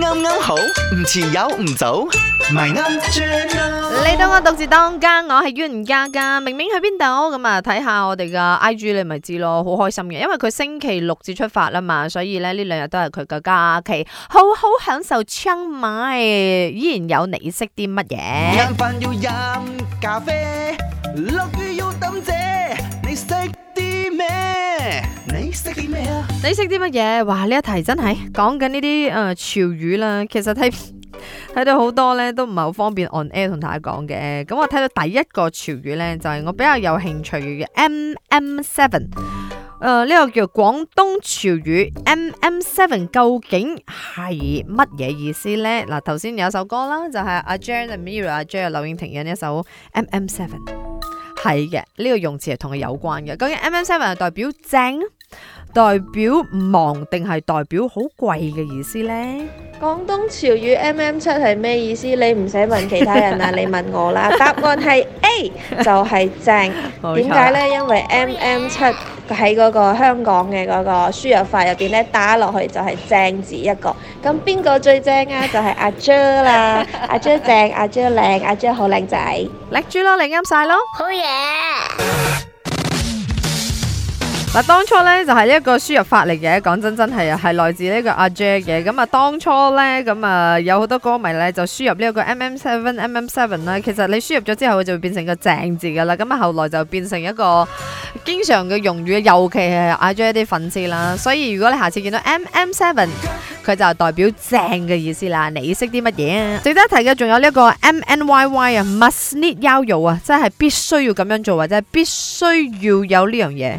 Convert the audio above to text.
啱啱、嗯嗯、好，唔遲有唔早，迷啱轉暗。你當我獨自當家，我係冤家㗎。明明去邊度？咁啊，睇下我哋嘅 I G 你咪知咯，好開心嘅。因為佢星期六至出發啦嘛，所以咧呢兩日都係佢嘅假期，好好享受 charge 依然有你識啲乜嘢？飯要飲咖啡，落雨要等姐，你識啲咩？識啲咩啊，你識啲乜嘢？哇！呢一題真係講緊呢啲誒潮語啦。其實睇睇到好多咧，都唔係好方便 on air 同大家講嘅。咁我睇到第一個潮語咧，就係、是、我比較有興趣嘅 M M Seven。誒、呃，呢、這個叫廣東潮語 M M Seven，究竟係乜嘢意思咧？嗱、啊，頭先有一首歌啦，就係阿 J and Mirror J 柳應廷嘅一首 M M Seven，係嘅，呢、這個用詞係同佢有關嘅。究竟 M M Seven 係代表正？代表忙定係代表好貴嘅意思呢？廣東潮語 MM7 係咩意思？你唔使問其他人啦， 你問我啦。答案係 A， 就係正。點解錯呢？因為 MM7 喺嗰個香港嘅嗰個輸入法入邊咧，打落去就係正字一個。咁邊個最正啊？就係、是、阿 Jo 啦、er， 阿 Jo、er、正，阿 Jo 靚、er，阿 Jo 好靚仔，叻豬咯，你啱晒咯，好嘢！嗱，當初咧就係、是、一個輸入法嚟嘅，講真真係係來自呢個阿 j a c 嘅。咁啊，當初咧咁啊，有好多歌迷咧就輸入呢一個 M M Seven M M Seven 啦。其實你輸入咗之後，佢就會變成一個正字噶啦。咁啊，後來就變成一個經常嘅用語，尤其係阿 j a c 啲粉絲啦。所以如果你下次見到 M M Seven，佢就代表正嘅意思啦。你識啲乜嘢？值得提嘅仲有呢一個 M N Y Y 啊，Must Need Yo Yo 啊，真係必須要咁樣做，或者係必須要有呢樣嘢。